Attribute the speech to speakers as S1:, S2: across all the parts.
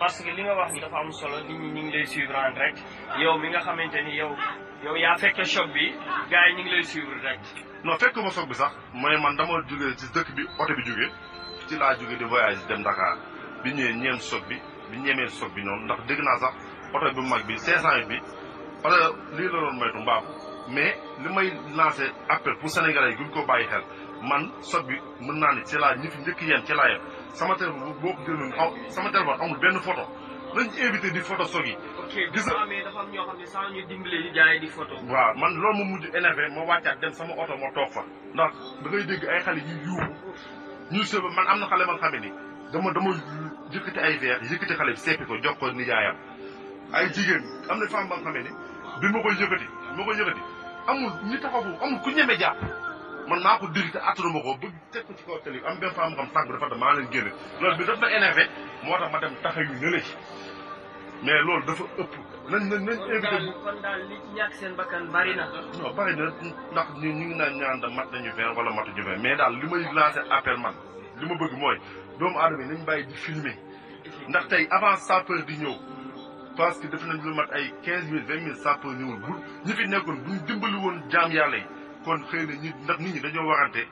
S1: Baske, li mè wak mè dè pa mè solò, ninye ninye yu si yu gran rekt? Yo, mè nga kha menjeni yo, yo yon fèkè shok bi, gè yon ninye yu si yu gran rekt?
S2: Nou, fèkè mè shok bi sa, mè man damò dik bi, otè bi duke. Ti la duke di voyaj dem dakar. Bi nyè nyen shok bi, bi nyè men shok bi nou. Dak deg nan sa, otè bè mak bi, se san yon bi. Ou lè, li lè lè lè men yon mè ton bab, mè, li mè yon lan se apèl pou Senegalè gè gèl go baye hel. Man, shok bi, mè nanè ti la, ni fin de kè sama téléphone boo amul benn photo nañ ci invité di photo soog yi. man loolu ma mujj énervé ma wàccaat dem sama oto ma toog fa ndax da ngay ay xale yu yuuxu ñu sëb man am na xale ma nga ni dama dama yëkkati ay verre yëkkati xale bi seppi ko jox ko nijaayam ay jigéen am na femme ba nga xam ni bi ma koy yëkkati ma amul ñi taxawu amul ku ñeme jàpp. man naa ko diri te attanu ma ko ba teg ko ci kaw tali am benn femme xam tànk dafa dem maa leen génne loolu bi ma énervé moo tax ma mais loolu dafa ëpp. nañ nañ nañ
S1: invité kon bari na.
S2: ndax ñu ngi naan ñaan da mat nañu vingt wala matu ñu mais daal li may lancé appel man li ma bëgg mooy doomu aadama yi nañ bàyyi di filmer ndax tey avant sapeur di ñëw. parce que def nañ lu mat ay quinze mille vingt mille sapeur ñëwul bu ñu fi nekkul bu ñu dimbali woon jaam yàlla yi. kon xëy na ñi ndax nit ñi dañoo waxante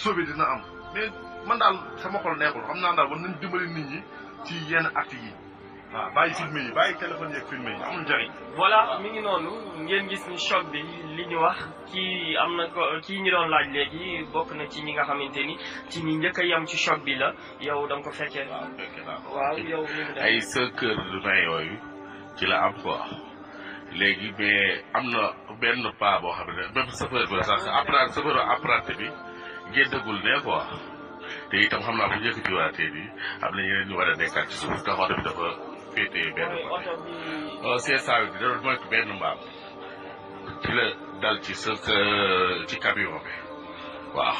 S2: sauvé dina am mais man daal sama xol neexul xam naa daal war nañ dimbali nit ñi ci yenn actes yi waaw bàyyi filmé yi bàyyi téléphone yeeg filmé yi
S1: voilà mi ngi ngeen gis ni bi li ñu wax kii am na ko kii ñu doon laaj léegi bokk na ci ñi nga xamante ni ci ñi njëkk a yem ci choc bi la yow da ko fekkee. waaw fekkee naa ko waaw yow. ay sa
S3: kër du yooyu ci la am quoi. léegi mais am na benn pas boo xam ne même chauffeur bi sax apprenti chauffeur apprenti bi géddagul ne quoi te itam xam naa bu ñu njëkk jiwaatee bi am na ñeneen ñu war a nekkaat ci suuf dafa féetee oh, benn mbaam ci la dal ci sa ci camion bi waaw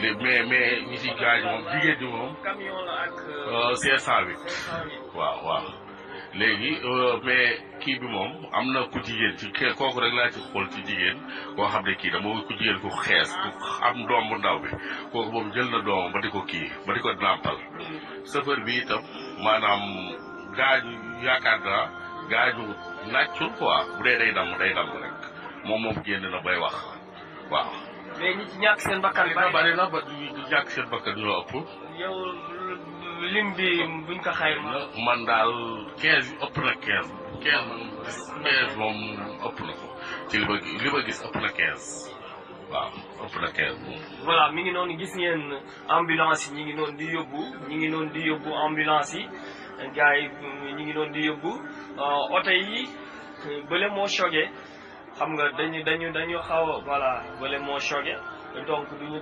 S3: léegi mais mais ñi ci gaañ moom jigéen ñi moom. camion la ak. Oh, waaw waaw. léegi euh, mais kii bi moom am na ku jigéen ci kooku rek laa ci xool ci jigéen koo xam ne kii dama ku jigéen ku am doom bu ndaw bi kooku moom jël na doomam ba di ko kii ba di ko nàmpal mm-hmm. chauffeur bi itam maanaam gaañu yaakaar naa gaañu nàccul quoi bu dee day damm day damm rek moom moom génn na bay wax waaw. mais ñi ci ñàkk seen bakkan bari na na ba ñàkk seen lim bi buñ ko xayma. man daal 15 ëpp na 15. 15 15 moom ëpp na ko ci li ma li ma gis ëpp na 15. waaw ëpp na 15 moom.
S1: voilà mi ngi noonu gis ngeen ambulance yi ñi ngi noonu di yóbbu ñi ngi noonu di yóbbu ambulance yi gars yi ñi ngi noonu di yóbbu euh, oto yi bële moo choqué xam nga dañu dañu dañu xaw a bële moo choqué donc duñu